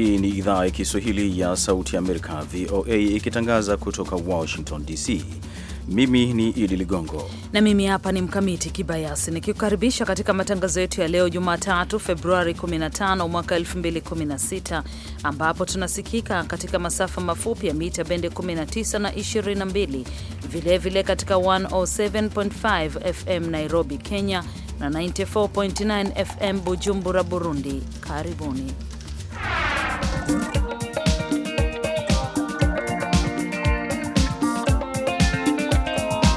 Hii ni idhaa ya Kiswahili ya Sauti ya Amerika, VOA, ikitangaza kutoka Washington DC. Mimi ni Idi Ligongo na mimi hapa ni Mkamiti Kibayasi nikikukaribisha katika matangazo yetu ya leo Jumatatu, Februari 15 mwaka 2016, ambapo tunasikika katika masafa mafupi ya mita bende 19 na 22, vilevile vile katika 107.5 FM Nairobi, Kenya na 94.9 FM Bujumbura, Burundi. Karibuni.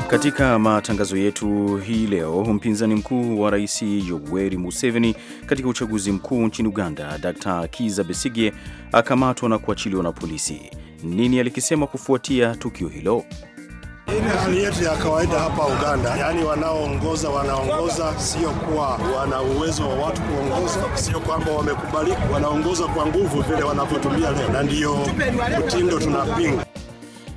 Katika matangazo yetu hii leo, mpinzani mkuu wa rais Yoweri Museveni katika uchaguzi mkuu nchini Uganda, Dr Kiza Besigye akamatwa na kuachiliwa na polisi. Nini alikisema kufuatia tukio hilo? Yaani hali yetu ya kawaida hapa Uganda, yaani wanaoongoza wanaongoza, sio kuwa wana uwezo wa watu kuongoza, sio kwamba wamekubalika, wanaongoza kwa nguvu vile wanavyotumia leo, na ndiyo mtindo tunapinga.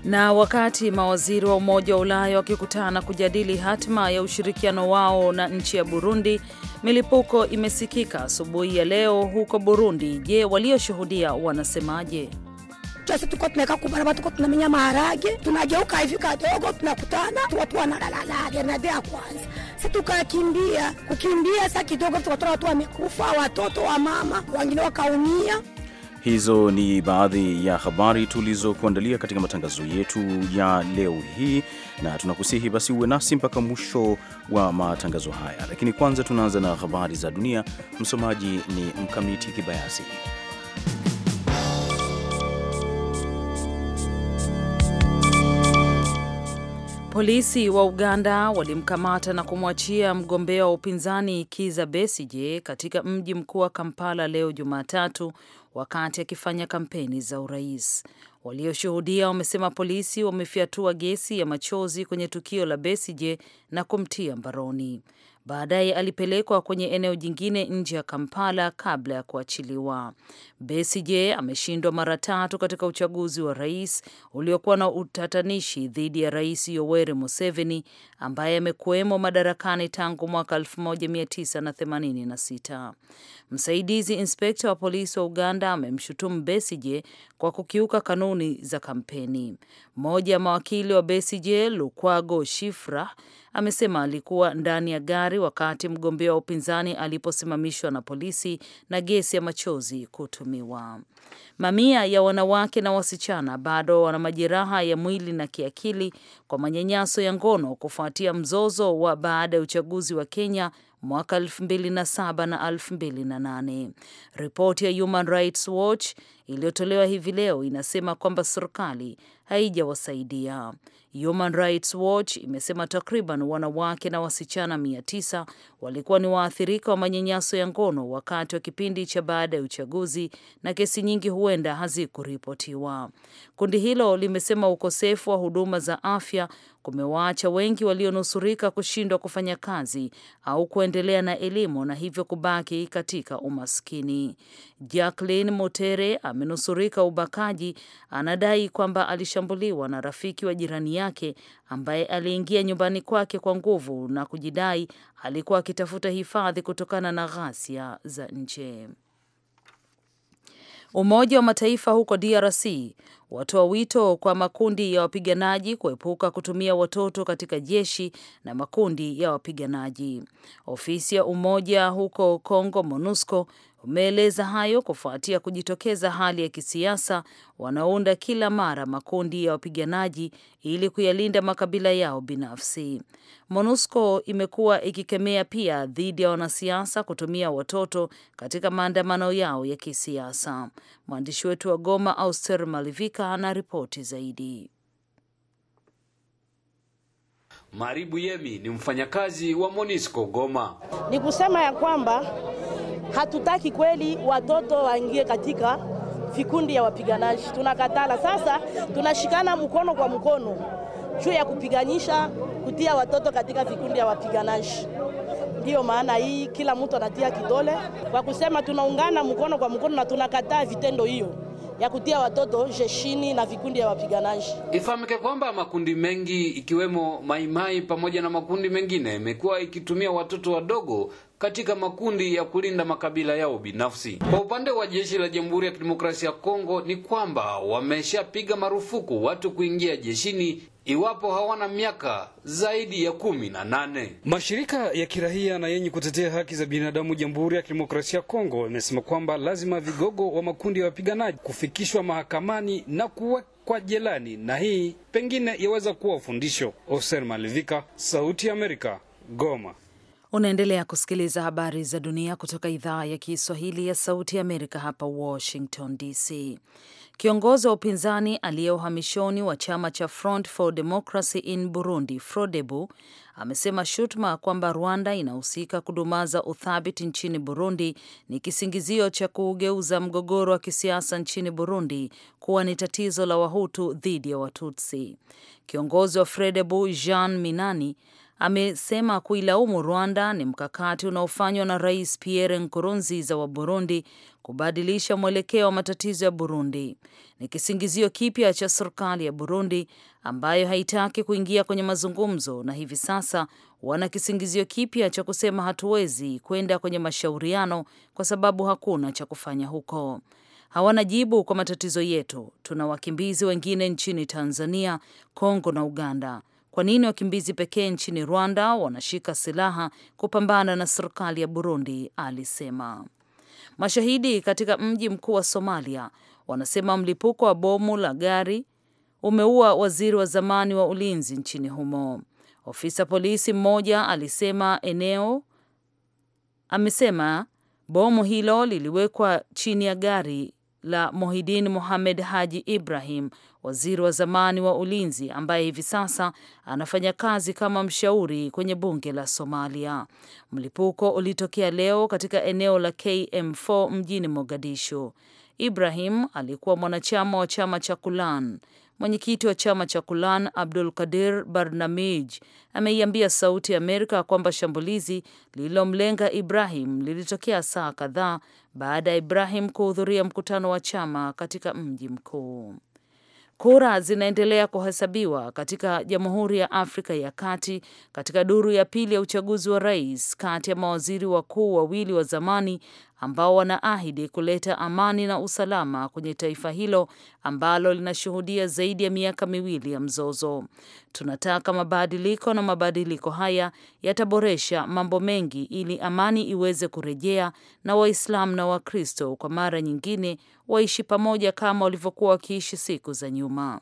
Na wakati mawaziri wa Umoja wa Ulaya wakikutana kujadili hatima ya ushirikiano wao na nchi ya Burundi, milipuko imesikika asubuhi ya leo huko Burundi. Je, walioshuhudia wanasemaje? twese tuko tunaweka kubara batuko tunamenya maharage, tunageuka hivi kadogo, tunakutana watu wanalalalala na dea kwanza. si tukakimbia kukimbia, sasa kidogo tukatora watu wamekufa, watoto wa mama wengine wakaumia. Hizo ni baadhi ya habari tulizokuandalia katika matangazo yetu ya leo hii, na tunakusihi basi uwe nasi mpaka mwisho wa matangazo haya, lakini kwanza tunaanza na habari za dunia. Msomaji ni Mkamiti Kibayasi. Polisi wa Uganda walimkamata na kumwachia mgombea wa upinzani Kiza Besije katika mji mkuu wa Kampala leo Jumatatu wakati akifanya kampeni za urais. Walioshuhudia wamesema polisi wamefyatua gesi ya machozi kwenye tukio la Besije na kumtia mbaroni. Baadaye alipelekwa kwenye eneo jingine nje ya Kampala kabla ya kuachiliwa. Besigye ameshindwa mara tatu katika uchaguzi wa rais uliokuwa na utatanishi dhidi ya Rais Yoweri Museveni ambaye amekuwemo madarakani tangu mwaka 1986. Msaidizi inspekta wa polisi wa Uganda amemshutumu Besigye kwa kukiuka kanuni za kampeni. Mmoja ya mawakili wa Besigye, Lukwago Shifra, amesema alikuwa ndani ya gari wakati mgombea wa upinzani aliposimamishwa na polisi na gesi ya machozi kutumiwa. Mamia ya wanawake na wasichana bado wana majeraha ya mwili na kiakili kwa manyanyaso ya ngono kufuatia mzozo wa baada ya uchaguzi wa Kenya mwaka 2007 na 2008. Ripoti ya Human Rights Watch iliyotolewa hivi leo inasema kwamba serikali haijawasaidia. Human Rights Watch imesema takriban wanawake na wasichana mia tisa walikuwa ni waathirika wa manyanyaso ya ngono wakati wa kipindi cha baada ya uchaguzi na kesi nyingi huenda hazikuripotiwa. Kundi hilo limesema ukosefu wa huduma za afya kumewaacha wengi walionusurika kushindwa kufanya kazi au kuendelea na elimu na hivyo kubaki katika umaskini. Jacqueline Motere amenusurika ubakaji, anadai kwamba alishambuliwa na rafiki wa jirani yake ambaye aliingia nyumbani kwake kwa nguvu na kujidai alikuwa akitafuta hifadhi kutokana na ghasia za nje. Umoja wa Mataifa huko DRC watoa wito kwa makundi ya wapiganaji kuepuka kutumia watoto katika jeshi na makundi ya wapiganaji. Ofisi ya Umoja huko congo MONUSCO Umeeleza hayo kufuatia kujitokeza hali ya kisiasa wanaounda kila mara makundi ya wapiganaji ili kuyalinda makabila yao binafsi. MONUSCO imekuwa ikikemea pia dhidi ya wanasiasa kutumia watoto katika maandamano yao ya kisiasa. Mwandishi wetu wa Goma, Auster Malivika, ana ripoti zaidi. Maribu Yemi ni mfanyakazi wa Monisco Goma. Ni kusema ya kwamba hatutaki kweli watoto waingie katika vikundi ya wapiganaji, tunakatala. Sasa tunashikana mkono kwa mkono juu ya kupiganisha kutia watoto katika vikundi ya wapiganaji. Ndiyo maana hii kila mtu anatia kidole kwa kusema tunaungana mkono kwa mkono na tunakataa vitendo hiyo ya kutia watoto jeshini na vikundi ya wapiganaji. Ifahamike kwamba makundi mengi ikiwemo Maimai pamoja na makundi mengine imekuwa ikitumia watoto wadogo katika makundi ya kulinda makabila yao binafsi. Kwa upande wa jeshi la Jamhuri ya Kidemokrasia ya Kongo ni kwamba wameshapiga marufuku watu kuingia jeshini iwapo hawana miaka zaidi ya kumi na nane. Mashirika ya kirahia na yenye kutetea haki za binadamu Jamhuri ya Kidemokrasia ya Kongo imesema kwamba lazima vigogo wa makundi ya wapiganaji kufikishwa mahakamani na kuwekwa jelani, na hii pengine yaweza kuwa ufundisho Oser Malivika, Sauti ya Amerika, Goma. Unaendelea kusikiliza habari za dunia kutoka idhaa ya Kiswahili ya Sauti ya Amerika hapa Washington DC. Kiongozi wa upinzani aliye uhamishoni wa chama cha Front for Democracy in Burundi, FRODEBU, amesema shutuma kwamba Rwanda inahusika kudumaza uthabiti nchini Burundi ni kisingizio cha kuugeuza mgogoro wa kisiasa nchini Burundi kuwa ni tatizo la Wahutu dhidi ya Watutsi. Kiongozi wa FRODEBU Jean Minani amesema kuilaumu Rwanda ni mkakati unaofanywa na Rais Pierre Nkurunziza wa Burundi kubadilisha mwelekeo wa matatizo ya Burundi. Ni kisingizio kipya cha serikali ya Burundi ambayo haitaki kuingia kwenye mazungumzo, na hivi sasa wana kisingizio kipya cha kusema hatuwezi kwenda kwenye mashauriano kwa sababu hakuna cha kufanya huko. Hawana jibu kwa matatizo yetu. Tuna wakimbizi wengine nchini Tanzania, Kongo na Uganda. Kwa nini wakimbizi pekee nchini Rwanda wanashika silaha kupambana na serikali ya Burundi? alisema. Mashahidi katika mji mkuu wa Somalia wanasema mlipuko wa bomu la gari umeua waziri wa zamani wa ulinzi nchini humo. Ofisa polisi mmoja alisema eneo amesema bomu hilo liliwekwa chini ya gari la Mohidin Mohamed Haji Ibrahim, waziri wa zamani wa ulinzi ambaye hivi sasa anafanya kazi kama mshauri kwenye bunge la Somalia. Mlipuko ulitokea leo katika eneo la KM4 mjini Mogadishu. Ibrahim alikuwa mwanachama wa chama cha Kulan. Mwenyekiti wa chama cha Kulan Abdul Kadir Barnamij ameiambia Sauti ya Amerika kwamba shambulizi lililomlenga Ibrahim lilitokea saa kadhaa baada ya Ibrahim kuhudhuria mkutano wa chama katika mji mkuu. Kura zinaendelea kuhesabiwa katika Jamhuri ya Afrika ya Kati katika duru ya pili ya uchaguzi wa rais kati ya mawaziri wakuu wawili wa zamani ambao wanaahidi kuleta amani na usalama kwenye taifa hilo ambalo linashuhudia zaidi ya miaka miwili ya mzozo. Tunataka mabadiliko na mabadiliko haya yataboresha mambo mengi ili amani iweze kurejea na Waislamu na Wakristo kwa mara nyingine waishi pamoja kama walivyokuwa wakiishi siku za nyuma.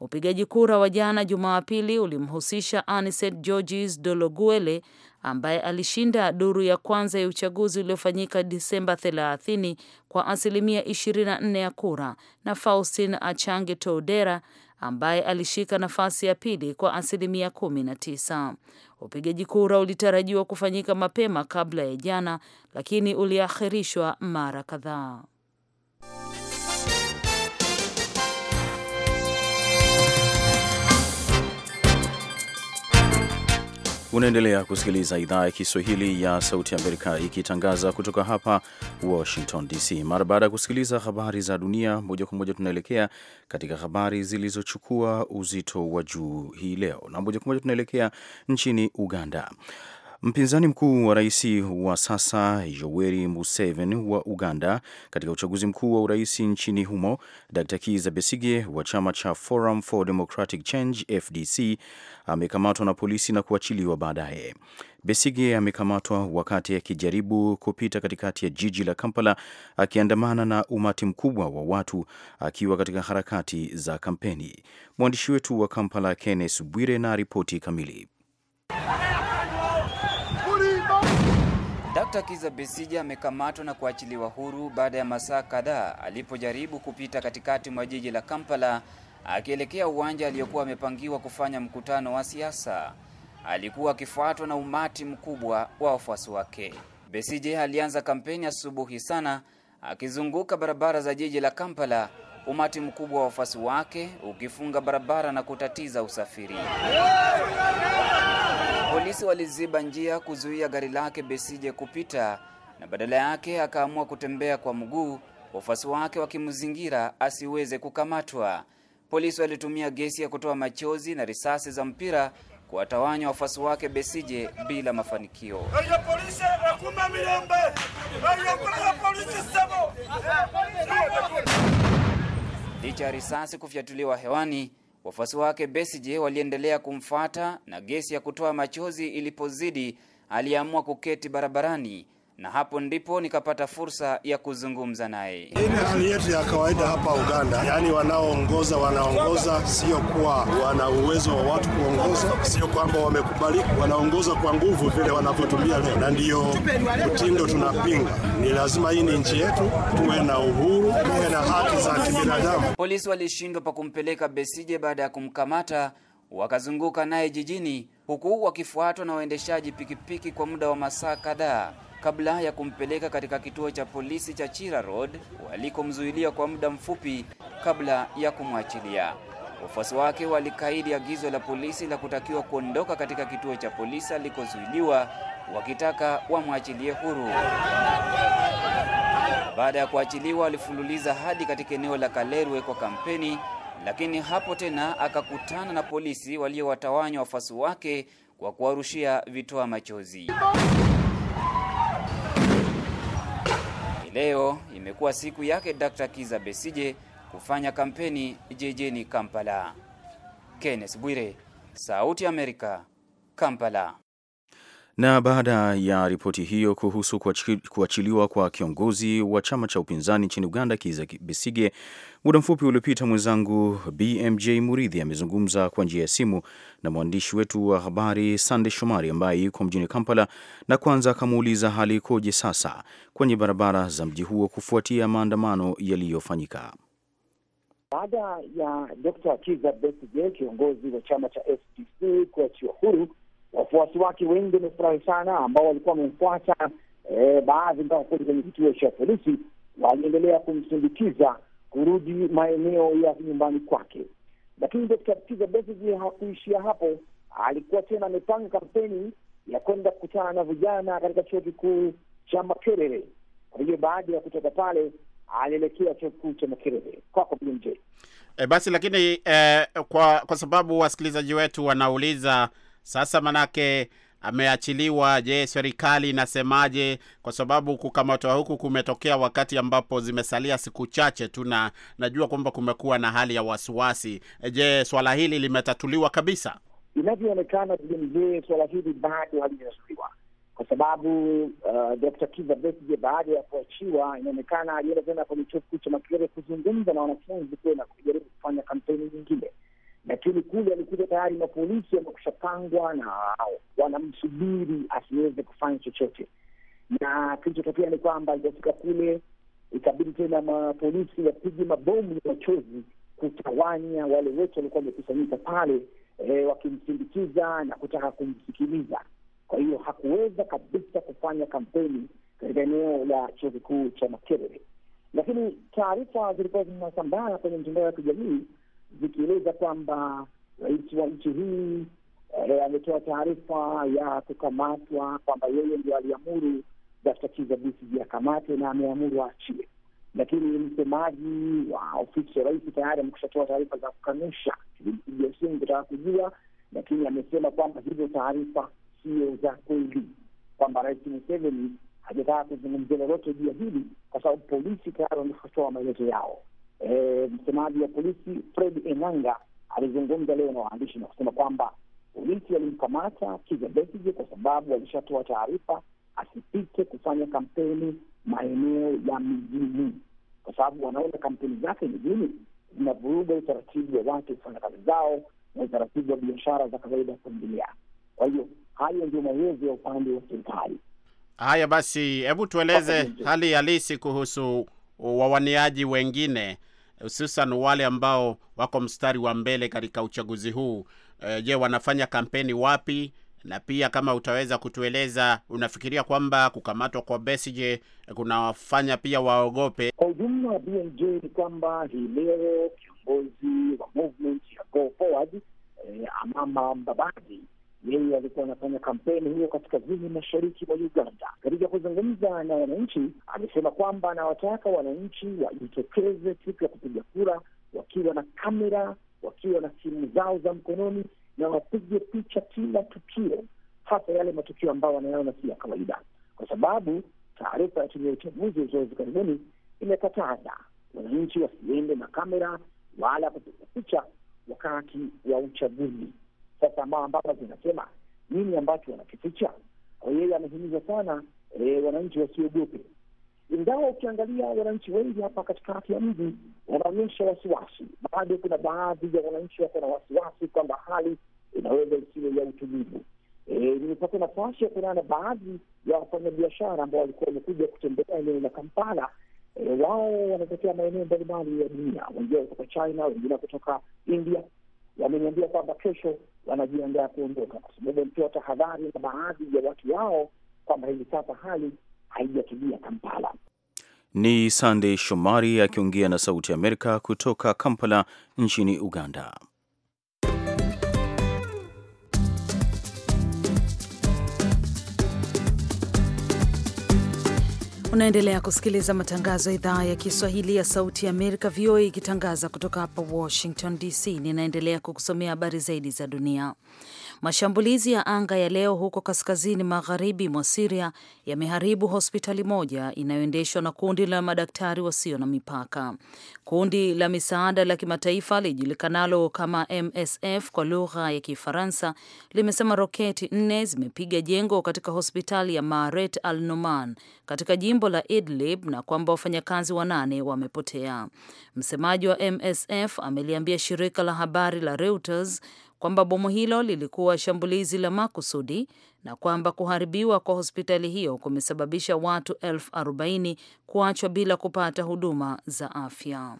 Upigaji kura wa jana Jumapili ulimhusisha Aniset Georges Dologuele ambaye alishinda duru ya kwanza ya uchaguzi uliofanyika Disemba 30 kwa asilimia 24 ya kura na Faustin Achange Toudera ambaye alishika nafasi ya pili kwa asilimia kumi Upigaji kura ulitarajiwa kufanyika mapema kabla ya jana, lakini uliakhirishwa mara kadhaa. Unaendelea kusikiliza idhaa ya Kiswahili ya Sauti ya Amerika ikitangaza kutoka hapa Washington DC. Mara baada ya kusikiliza habari za dunia moja kwa moja, tunaelekea katika habari zilizochukua uzito wa juu hii leo, na moja kwa moja tunaelekea nchini Uganda Mpinzani mkuu wa rais wa sasa Yoweri Museveni wa Uganda katika uchaguzi mkuu wa urais nchini humo, Dr. kiza besige wa chama cha Forum for Democratic Change FDC amekamatwa na polisi na kuachiliwa baadaye. besige amekamatwa wakati akijaribu kupita katikati ya jiji la Kampala akiandamana na umati mkubwa wa watu akiwa katika harakati za kampeni. Mwandishi wetu wa Kampala Kenneth Bwire na ripoti kamili. Dkt. Kiza Besija amekamatwa na kuachiliwa huru baada ya masaa kadhaa alipojaribu kupita katikati mwa jiji la Kampala akielekea uwanja aliyokuwa amepangiwa kufanya mkutano wa siasa. Alikuwa akifuatwa na umati mkubwa wa wafuasi wake. Besije alianza kampeni asubuhi sana akizunguka barabara za jiji la Kampala, umati mkubwa wa wafuasi wake ukifunga barabara na kutatiza usafiri. Polisi waliziba njia kuzuia gari lake Besije kupita na badala yake akaamua kutembea kwa mguu, wafuasi wake wakimzingira asiweze kukamatwa. Polisi walitumia gesi ya kutoa machozi na risasi za mpira kuwatawanya wafuasi wake Besije bila mafanikio. Licha ya risasi kufyatuliwa hewani, Wafuasi wake Besigye waliendelea kumfuata na gesi ya kutoa machozi ilipozidi, aliamua kuketi barabarani na hapo ndipo nikapata fursa ya kuzungumza naye. ni hali yetu ya kawaida hapa Uganda, yaani wanaoongoza wanaongoza, sio kuwa wana uwezo wa watu kuongoza, sio kwamba wamekubalika, wanaongoza kwa nguvu vile wanavyotumia leo, na ndiyo mtindo tunapinga. Ni lazima, hii ni nchi yetu, tuwe na uhuru, tuwe na haki za kibinadamu. Polisi walishindwa pa kumpeleka Besije baada ya kumkamata, wakazunguka naye jijini, huku wakifuatwa na waendeshaji pikipiki kwa muda wa masaa kadhaa kabla ya kumpeleka katika kituo cha polisi cha Chira Road walikomzuilia kwa muda mfupi kabla ya kumwachilia. Wafuasi wake walikaidi agizo la polisi la kutakiwa kuondoka katika kituo cha polisi alikozuiliwa, wakitaka wamwachilie huru. Baada ya kuachiliwa, alifululiza hadi katika eneo la Kalerwe kwa kampeni, lakini hapo tena akakutana na polisi waliowatawanya wafuasi wake kwa kuwarushia vitoa machozi. Leo imekuwa siku yake Dr. Kiza Besije kufanya kampeni jijini Kampala. Kenneth Bwire, Sauti Amerika, Kampala. Na baada ya ripoti hiyo kuhusu kuachiliwa kwa kiongozi wa chama cha upinzani nchini Uganda, Kiza Besige, muda mfupi uliopita mwenzangu BMJ Muridhi amezungumza kwa njia ya simu na mwandishi wetu wa habari Sande Shomari ambaye yuko mjini Kampala, na kwanza akamuuliza hali ikoje sasa kwenye barabara za mji huo kufuatia maandamano yaliyofanyika baada ya Dr. Kiza Besige, kiongozi wa chama cha FDC kuachiwa huru wafuasi wake wengi wamefurahi sana, ambao walikuwa wamemfuata e, baadhi mpaka kule kwenye kituo cha polisi, waliendelea kumsindikiza kurudi maeneo ya nyumbani kwake. Lakini Dkt. Besigye hakuishia hapo, alikuwa tena amepanga kampeni ya kwenda kukutana na vijana katika chuo kikuu cha Makerere. Kwa hiyo baada ya kutoka pale alielekea chuo kikuu cha Makerere. Kwako BMJ. E, eh, basi lakini e, kwa, kwa sababu wasikilizaji wetu wanauliza sasa manake ameachiliwa. Je, serikali inasemaje? Kwa sababu kukamatwa huku kumetokea wakati ambapo zimesalia siku chache tu, na najua kwamba kumekuwa na hali ya wasiwasi. Je, swala hili limetatuliwa kabisa? Inavyoonekana vilevile, swala hili bado halijatatuliwa kwa sababu uh, Dr. baada ya kuachiwa, inaonekana alienda tena kwenye chuo kikuu cha Makerere kuzungumza na wanafunzi kule na kujaribu kufanya kampeni nyingine lakini kule alikuja tayari mapolisi wamekusha pangwa na wanamsubiri asiweze kufanya chochote. Na kilichotokea ni kwamba alipofika kule, ikabidi tena mapolisi wapige mabomu ya machozi kutawanya wale wote walikuwa wamekusanyika pale, e, wakimsindikiza na kutaka kumsikiliza. Kwa hiyo hakuweza kabisa kufanya kampeni katika eneo la chuo kikuu cha Makerere, lakini taarifa zilikuwa zinasambaa kwenye mtandao wa kijamii zikieleza kwamba rais wa nchi hii e, ametoa taarifa ya kukamatwa kwamba yeye ndio aliamuru Dkt. Kizza Besigye akamatwe na ameamuru aachie, lakini msemaji wa ofisi ya rais tayari amekushatoa taarifa za kukanusha kupiga simu kutaka kujua, lakini amesema kwamba hizo taarifa sio za kweli, kwamba rais Museveni hajataka kuzungumzia lolote juu ya hili kwa sababu polisi tayari wameshatoa maelezo yao eh, msemaji wa polisi Fred Enanga alizungumza leo na waandishi na kusema kwamba polisi walimkamata Kizza Besigye kwa sababu walishatoa taarifa asipite kufanya kampeni maeneo ya mijini, kwa sababu wanaona kampeni zake mijini zinavuruga utaratibu wa watu kufanya kazi zao na utaratibu wa biashara za kawaida kuingilia. Kwa hiyo hayo ndio maelezo ya upande wa serikali. Haya basi, hebu tueleze hali halisi kuhusu wawaniaji wengine hususan wale ambao wako mstari wa mbele katika uchaguzi huu. E, je, wanafanya kampeni wapi? Na pia kama utaweza kutueleza, unafikiria kwamba kukamatwa kwa besije kunawafanya pia waogope? Kwa ujumla, BMJ, ni kwamba hii leo kiongozi wa movement ya Go Forward eh, Amama Mbabazi yeye alikuwa anafanya kampeni hiyo kaskazini mashariki mwa Uganda. Katika kuzungumza na wananchi, alisema kwamba anawataka wananchi wajitokeze siku ya kupiga kura wakiwa na kamera, wakiwa na simu zao za mkononi na wapige picha kila tukio, hasa yale matukio ambayo wanayaona si ya kawaida, kwa sababu taarifa ya tume ya uchaguzi uzoezi karibuni imekataza wananchi wasiende na kamera wala kupiga picha wakati wa uchaguzi sasa, ambapo zinasema nini ambacho wanakificha. Kwa hiyo amehimiza sana e, wananchi wasiogope, ingawa ukiangalia wananchi wengi hapa katikati ya mji wanaonyesha wasiwasi. Bado kuna baadhi ya wananchi wako na wasiwasi kwamba hali inaweza isiwe ya utulivu. E, nafasi ya kuonana na baadhi ya wafanyabiashara ambao walikuwa wamekuja kutembea eneo la Kampala. E, wao wanatokea maeneo mbalimbali ya dunia, wengine kutoka China, wengine kutoka India wameniambia kwamba kesho wanajiandaa kuondoka, kwa sababu walipewa tahadhari na baadhi ya watu wao kwamba hivi sasa hali haijatulia Kampala. Ni Sandey Shomari akiongea na Sauti ya Amerika kutoka Kampala nchini Uganda. Unaendelea kusikiliza matangazo ya idhaa ya Kiswahili ya Sauti ya Amerika, VOA, ikitangaza kutoka hapa Washington DC. Ninaendelea kukusomea habari zaidi za dunia. Mashambulizi ya anga ya leo huko kaskazini magharibi mwa Siria yameharibu hospitali moja inayoendeshwa na kundi la madaktari wasio na mipaka. Kundi la misaada la kimataifa lijulikanalo kama MSF kwa lugha ya Kifaransa limesema roketi nne zimepiga jengo katika hospitali ya Maaret Al Numan katika jimbo la Idlib na kwamba wafanyakazi wanane wamepotea. Msemaji wa MSF ameliambia shirika la habari la Reuters kwamba bomu hilo lilikuwa shambulizi la makusudi na kwamba kuharibiwa kwa hospitali hiyo kumesababisha watu elfu arobaini kuachwa bila kupata huduma za afya.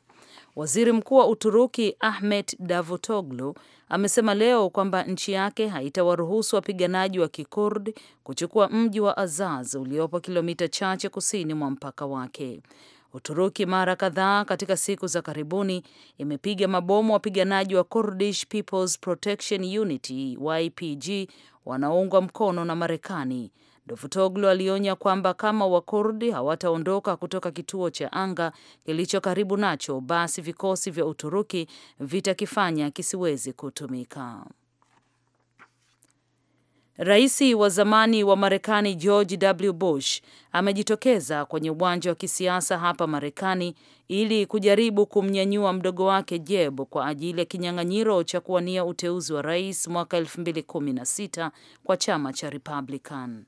Waziri Mkuu wa Uturuki Ahmet Davutoglu amesema leo kwamba nchi yake haitawaruhusu wapiganaji wa Kikurd kuchukua mji wa Azaz uliopo kilomita chache kusini mwa mpaka wake. Uturuki mara kadhaa katika siku za karibuni imepiga mabomu wapiganaji wa Kurdish People's Protection Unity YPG wanaoungwa mkono na Marekani. Dovutoglu alionya kwamba kama Wakurdi hawataondoka kutoka kituo cha anga kilicho karibu nacho, basi vikosi vya Uturuki vitakifanya kisiwezi kutumika. Rais wa zamani wa Marekani George W. Bush amejitokeza kwenye uwanja wa kisiasa hapa Marekani ili kujaribu kumnyanyua mdogo wake Jeb kwa ajili ya kinyang'anyiro cha kuwania uteuzi wa rais mwaka 2016 kwa chama cha Republican.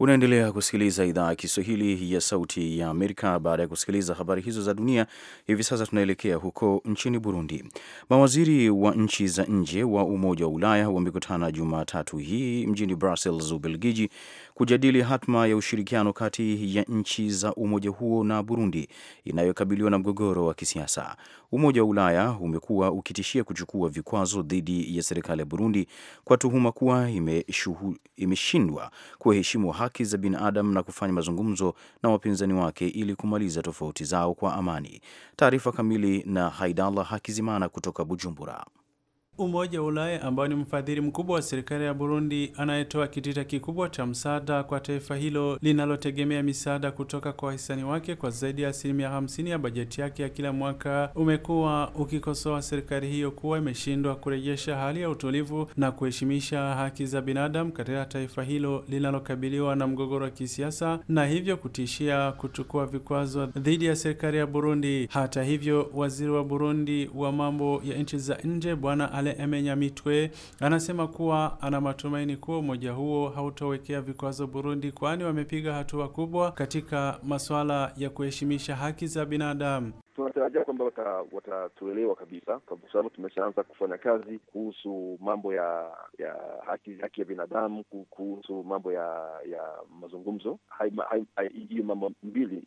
Unaendelea kusikiliza idhaa ya Kiswahili ya Sauti ya Amerika. Baada ya kusikiliza habari hizo za dunia, hivi sasa tunaelekea huko nchini Burundi. Mawaziri wa nchi za nje wa Umoja wa Ulaya wamekutana Jumatatu hii mjini Brussels, Ubelgiji, kujadili hatma ya ushirikiano kati ya nchi za umoja huo na Burundi inayokabiliwa na mgogoro wa kisiasa. Umoja wa Ulaya umekuwa ukitishia kuchukua vikwazo dhidi ya serikali ya Burundi kwa tuhuma kuwa imeshindwa kuheshimu haki za binadamu na kufanya mazungumzo na wapinzani wake ili kumaliza tofauti zao kwa amani. Taarifa kamili na Haidallah Hakizimana kutoka Bujumbura. Umoja wa Ulaya ambao ni mfadhili mkubwa wa serikali ya Burundi anayetoa kitita kikubwa cha msaada kwa taifa hilo linalotegemea misaada kutoka kwa wahisani wake kwa zaidi ya asilimia hamsini ya bajeti yake ya kila mwaka umekuwa ukikosoa serikali hiyo kuwa imeshindwa kurejesha hali ya utulivu na kuheshimisha haki za binadamu katika taifa hilo linalokabiliwa na mgogoro wa kisiasa na hivyo kutishia kuchukua vikwazo dhidi ya serikali ya Burundi. Hata hivyo, waziri wa Burundi wa mambo ya nchi za nje Bwana Jumanne Emenya Mitwe anasema kuwa ana matumaini kuwa umoja huo hautowekea vikwazo Burundi, kwani wamepiga hatua kubwa katika masuala ya kuheshimisha haki za binadamu tunatarajia kwamba watatuelewa wata kabisa, kwa sababu tumeshaanza kufanya kazi kuhusu mambo ya ya haki haki ya binadamu, kuhusu mambo ya ya mazungumzo. Hiyo mambo mbili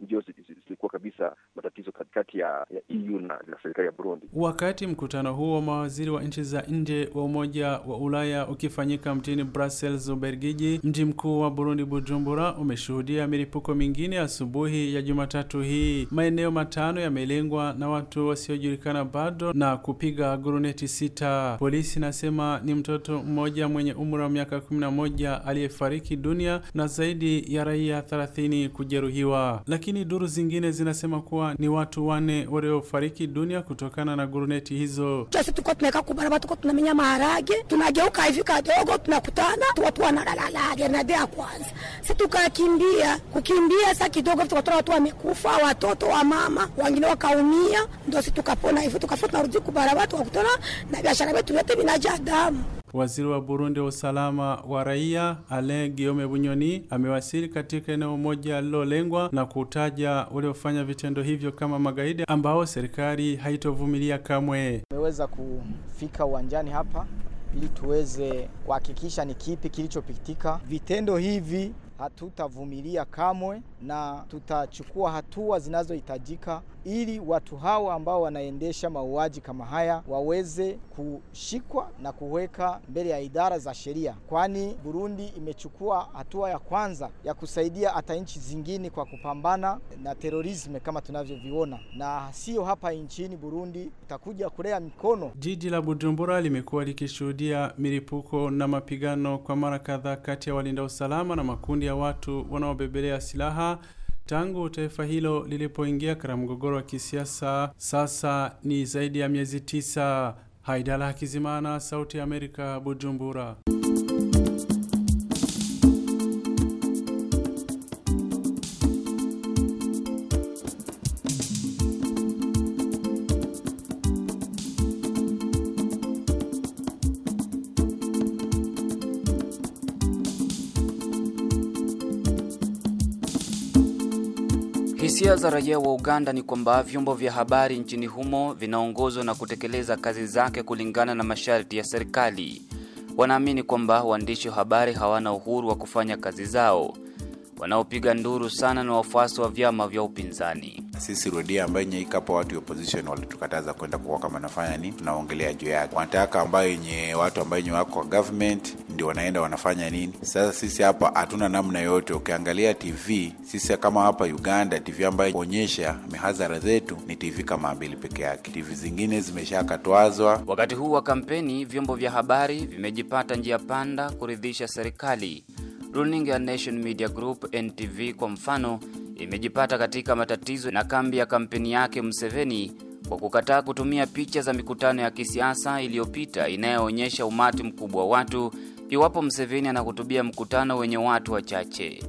ndio zilikuwa kabisa matatizo katikati ya, ya EU na, na serikali ya Burundi. Wakati mkutano huo wa mawaziri wa nchi za nje wa Umoja wa Ulaya ukifanyika mjini Brussels, ubergiji mji mkuu wa Burundi Bujumbura, umeshuhudia milipuko mingine asubuhi ya Jumatatu hii maeneo matano yamelengwa na watu wasiojulikana bado na kupiga guruneti sita. Polisi inasema ni mtoto mmoja mwenye umri wa miaka kumi na moja aliyefariki dunia na zaidi ya raia thelathini kujeruhiwa, lakini duru zingine zinasema kuwa ni watu wane waliofariki dunia kutokana na guruneti hizo. Sisi tuko tumekaa kubarabara, tuko tunamenya maharage, tunageuka hivi kadogo, tunakutana watu wanalalalale na dea kwanza, si tukakimbia kukimbia, sa kidogo tukatoa watu wamekufa, watoto wa mama wa wengine wakaumia, ndio sisi tukapona hivyo, tukafuta tunarudi kubara watu na biashara yetu yote binaja damu. Waziri wa Burundi wa usalama wa raia Alain Guillaume Bunyoni amewasili katika eneo moja alilolengwa na kutaja waliofanya vitendo hivyo kama magaidi ambao serikali haitovumilia kamwe. Tumeweza kufika uwanjani hapa ili tuweze kuhakikisha ni kipi kilichopitika. Vitendo hivi hatutavumilia kamwe na tutachukua hatua zinazohitajika ili watu hawa ambao wanaendesha mauaji kama haya waweze kushikwa na kuweka mbele ya idara za sheria, kwani Burundi imechukua hatua ya kwanza ya kusaidia hata nchi zingine kwa kupambana na terorisme kama tunavyoviona, na sio hapa nchini Burundi utakuja kulea mikono. Jiji la Bujumbura limekuwa likishuhudia milipuko na mapigano kwa mara kadhaa kati ya walinda usalama na makundi makundi ya watu wanaobebelea silaha tangu taifa hilo lilipoingia katika mgogoro wa kisiasa. Sasa ni zaidi ya miezi tisa. Haidala hakizimana Sauti ya Amerika, Bujumbura. Hisia za raia wa Uganda ni kwamba vyombo vya habari nchini humo vinaongozwa na kutekeleza kazi zake kulingana na masharti ya serikali. Wanaamini kwamba waandishi wa habari hawana uhuru wa kufanya kazi zao. Wanaopiga nduru sana na wafuasi wa vyama vya upinzani. Sisi redia ambayo yenye ikapo watu opposition walitukataza kwenda kuwa kama nafanya nini, tunaongelea juu yake. Wanataka ambayo yenye watu ambayo yenye wako wa government ndio wanaenda wanafanya nini. Sasa sisi hapa hatuna namna yote. Ukiangalia TV sisi kama hapa Uganda, TV ambayo onyesha mihadhara zetu ni TV kama mbili peke yake, TV zingine zimeshakatwazwa. Wakati huu wa kampeni, vyombo vya habari vimejipata njia panda kuridhisha serikali. Runinga ya Nation Media Group NTV kwa mfano imejipata katika matatizo na kambi ya kampeni yake mseveni kwa kukataa kutumia picha za mikutano ya kisiasa iliyopita inayoonyesha umati mkubwa wa watu iwapo mseveni anahutubia mkutano wenye watu wachache.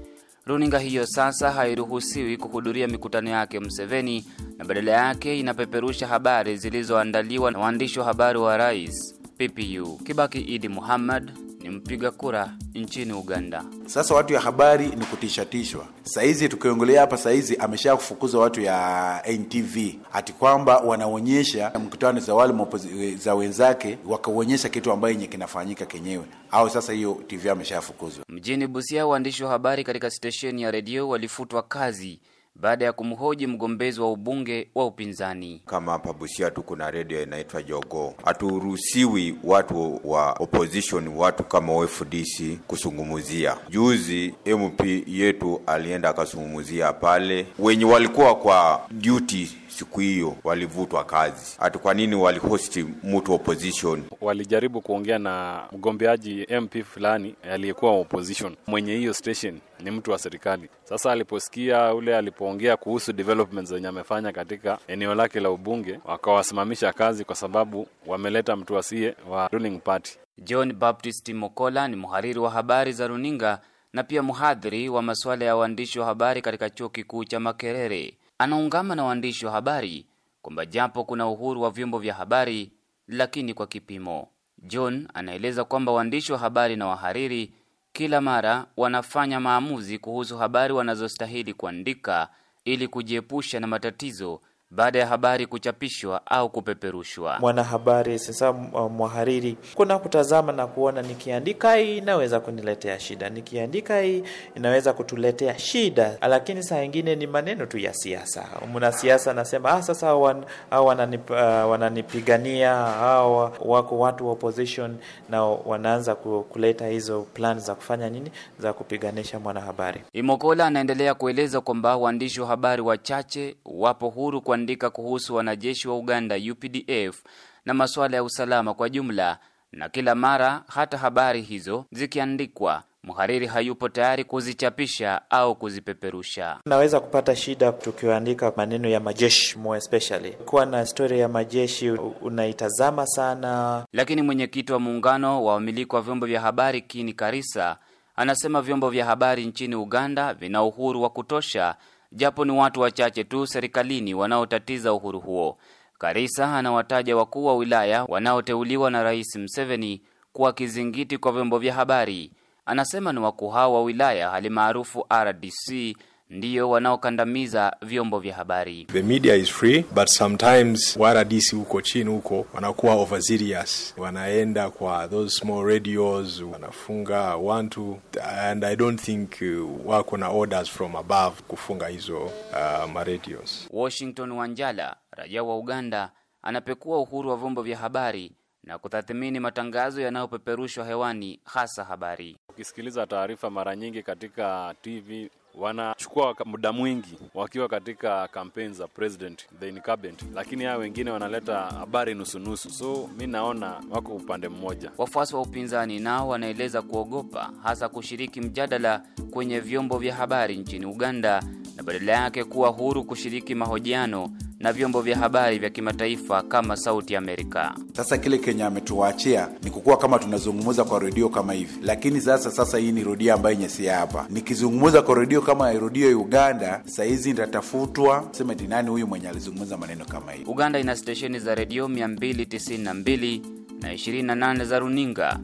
Runinga hiyo sasa hairuhusiwi kuhudhuria mikutano yake mseveni na badala yake inapeperusha habari zilizoandaliwa na waandishi wa habari wa rais PPU Kibaki Idi Muhammad ni mpiga kura nchini Uganda. Sasa watu ya habari ni kutishatishwa. Saizi tukiongelea hapa saizi, amesha kufukuza watu ya NTV ati kwamba wanaonyesha mkutano za wale za wenzake, wakaonyesha kitu ambayo yenye kinafanyika kenyewe, au sasa hiyo TV ameshafukuzwa. Mjini Busia, waandishi wa habari katika stesheni ya redio walifutwa kazi baada ya kumhoji mgombezi wa ubunge wa upinzani. Kama hapa Busia tu kuna redio inaitwa jogo haturuhusiwi watu wa opposition, watu kama OFDC kusungumuzia. Juzi MP yetu alienda akasungumuzia pale wenye walikuwa kwa duty siku hiyo walivutwa kazi. Ati kwa nini walihosti mtu opposition? Walijaribu kuongea na mgombeaji MP fulani aliyekuwa opposition, mwenye hiyo station ni mtu wa serikali. Sasa aliposikia ule alipoongea kuhusu developments zenye amefanya katika eneo lake la ubunge, wakawasimamisha kazi kwa sababu wameleta mtu asiye wa ruling party. John Baptist Mokola ni mhariri wa habari za runinga na pia mhadhiri wa masuala ya waandishi wa habari katika chuo kikuu cha Makerere anaungama na waandishi wa habari kwamba japo kuna uhuru wa vyombo vya habari, lakini kwa kipimo. John anaeleza kwamba waandishi wa habari na wahariri kila mara wanafanya maamuzi kuhusu habari wanazostahili kuandika ili kujiepusha na matatizo baada ya habari kuchapishwa au kupeperushwa. Mwanahabari sasa, uh, mwahariri, kuna kutazama na kuona, nikiandika hii inaweza kuniletea shida, nikiandika hii inaweza kutuletea shida, lakini saa ingine ni maneno tu ya siasa. Mwanasiasa anasema ah, sasa wan, wananip, ah, wananipigania hawa wako watu wa opposition, na wanaanza kuleta hizo plan za kufanya nini, za kupiganisha mwanahabari. Imokola anaendelea kueleza kwamba waandishi wa habari wachache wapo huru kwa kuandika kuhusu wanajeshi wa Uganda UPDF na masuala ya usalama kwa jumla, na kila mara hata habari hizo zikiandikwa mhariri hayupo tayari kuzichapisha au kuzipeperusha. Naweza kupata shida tukiandika maneno ya majeshi, more especially kuwa na stori ya majeshi unaitazama sana. Lakini mwenyekiti wa muungano wa wamiliki wa vyombo vya habari Kini Karisa anasema vyombo vya habari nchini Uganda vina uhuru wa kutosha japo ni watu wachache tu serikalini wanaotatiza uhuru huo. Karisa anawataja wakuu wa wilaya wanaoteuliwa na Rais Mseveni kuwa kizingiti kwa vyombo vya habari. Anasema ni wakuu hao wa wilaya hali maarufu RDC ndiyo wanaokandamiza vyombo vya habari. The media is free but sometimes waradisi huko chini huko wanakuwa overzealous, wanaenda kwa those small radios, wanafunga wantu, and I don't think uh, wako na orders from above kufunga hizo uh, maradios. Washington Wanjala, raia wa Uganda, anapekua uhuru wa vyombo vya habari na kutathmini matangazo yanayopeperushwa hewani, hasa habari. Ukisikiliza taarifa mara nyingi katika TV wanachukua muda mwingi wakiwa katika kampen za president the incumbent, lakini hao wengine wanaleta habari nusunusu. So mi naona wako upande mmoja. Wafuasi wa upinzani nao wanaeleza kuogopa hasa kushiriki mjadala kwenye vyombo vya habari nchini Uganda na badala yake kuwa huru kushiriki mahojiano na vyombo vya habari vya kimataifa kama Sauti Amerika. Sasa kile Kenya ametuachia ni kukuwa kama tunazungumza kwa redio kama hivi, lakini sasa sasa hii ni redio ambayo nyesia hapa, nikizungumza kwa redio kama redio Uganda sahizi nitatafutwa sema nani huyu mwenye alizungumza maneno kama hivi. Uganda ina stesheni za redio 292 na 28 za runinga,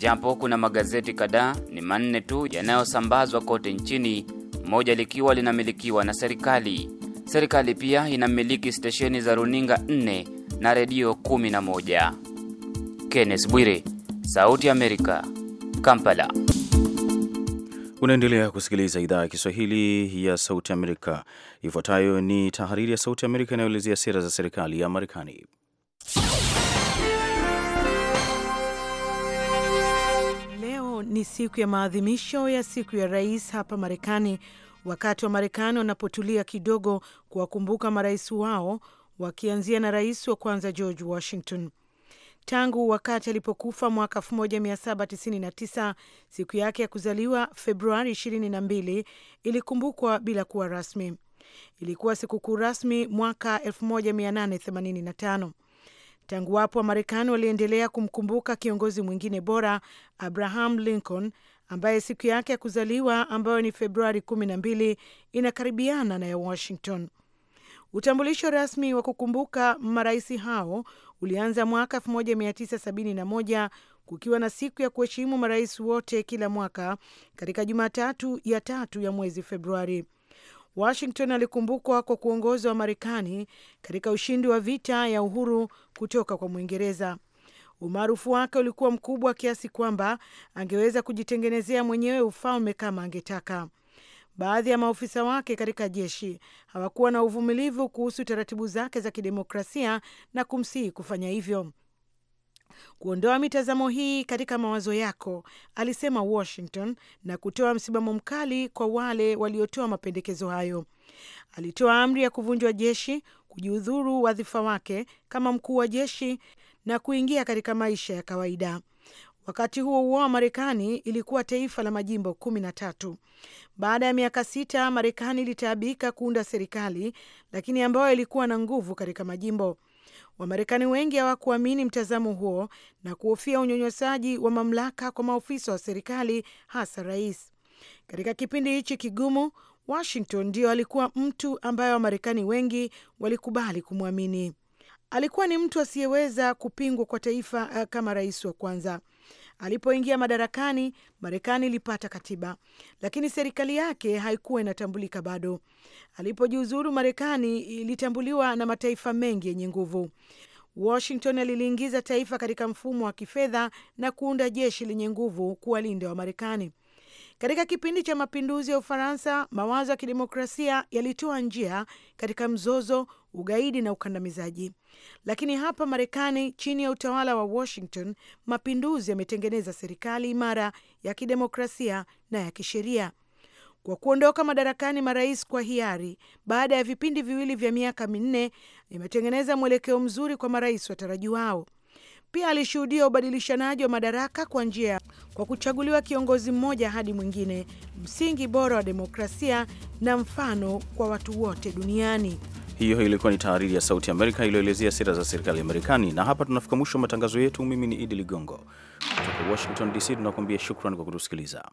japo kuna magazeti kadhaa, ni manne tu yanayosambazwa kote nchini, moja likiwa linamilikiwa na serikali. Serikali pia inamiliki stesheni za runinga 4 na redio 11. Kenneth Bwire, Sauti Amerika, Kampala. Unaendelea kusikiliza idhaa ya Kiswahili ya Sauti Amerika. Ifuatayo ni tahariri ya Sauti Amerika inayoelezea sera za serikali ya Marekani. Leo ni siku ya maadhimisho ya siku ya rais hapa Marekani wakati wa Marekani wanapotulia kidogo kuwakumbuka marais wao, wakianzia na rais wa kwanza George Washington. Tangu wakati alipokufa mwaka 1799 siku yake ya kuzaliwa Februari 22 ilikumbukwa bila kuwa rasmi. Ilikuwa sikukuu rasmi mwaka 1885. Tangu wapo Wamarekani waliendelea kumkumbuka kiongozi mwingine bora, Abraham Lincoln, ambaye siku yake ya kuzaliwa ambayo ni Februari 12 inakaribiana na ya Washington. Utambulisho rasmi wa kukumbuka marais hao ulianza mwaka 1971 kukiwa na siku ya kuheshimu marais wote kila mwaka katika Jumatatu ya tatu ya mwezi Februari. Washington alikumbukwa kwa kuongoza wa Marekani katika ushindi wa vita ya uhuru kutoka kwa Mwingereza. Umaarufu wake ulikuwa mkubwa kiasi kwamba angeweza kujitengenezea mwenyewe ufalme kama angetaka. Baadhi ya maofisa wake katika jeshi hawakuwa na uvumilivu kuhusu taratibu zake za kidemokrasia na kumsihi kufanya hivyo. Kuondoa mitazamo hii katika mawazo yako, alisema Washington, na kutoa msimamo mkali kwa wale waliotoa mapendekezo hayo. Alitoa amri ya kuvunjwa jeshi, kujiudhuru wadhifa wake kama mkuu wa jeshi na kuingia katika maisha ya kawaida. Wakati huo huo, Marekani ilikuwa taifa la majimbo kumi na tatu. Baada ya miaka sita, Marekani ilitaabika kuunda serikali, lakini ambayo ilikuwa na nguvu katika majimbo. Wamarekani wengi hawakuamini mtazamo huo na kuhofia unyonyosaji wa mamlaka kwa maofisa wa serikali, hasa rais. Katika kipindi hichi kigumu, Washington ndio alikuwa mtu ambaye Wamarekani wengi walikubali kumwamini. Alikuwa ni mtu asiyeweza kupingwa kwa taifa eh, kama rais wa kwanza. Alipoingia madarakani, Marekani ilipata katiba, lakini serikali yake haikuwa inatambulika bado. Alipojiuzuru, Marekani ilitambuliwa na mataifa mengi yenye nguvu. Washington aliliingiza taifa katika mfumo wa kifedha na kuunda jeshi lenye nguvu kuwalinda wa marekani Katika kipindi cha mapinduzi ya Ufaransa, mawazo ya kidemokrasia yalitoa njia katika mzozo ugaidi na ukandamizaji. Lakini hapa Marekani, chini ya utawala wa Washington, mapinduzi yametengeneza serikali imara ya kidemokrasia na ya kisheria. Kwa kuondoka madarakani marais kwa hiari baada ya vipindi viwili vya miaka minne, imetengeneza mwelekeo mzuri kwa marais watarajiwao. Pia alishuhudia ubadilishanaji wa madaraka kwa njia kwa kuchaguliwa kiongozi mmoja hadi mwingine, msingi bora wa demokrasia na mfano kwa watu wote duniani. Hiyo ilikuwa ni tahariri ya Sauti Amerika iliyoelezea sera za serikali ya Marekani, na hapa tunafika mwisho wa matangazo yetu. Mimi ni Idi Ligongo kutoka Washington DC, tunakuambia shukran kwa kutusikiliza.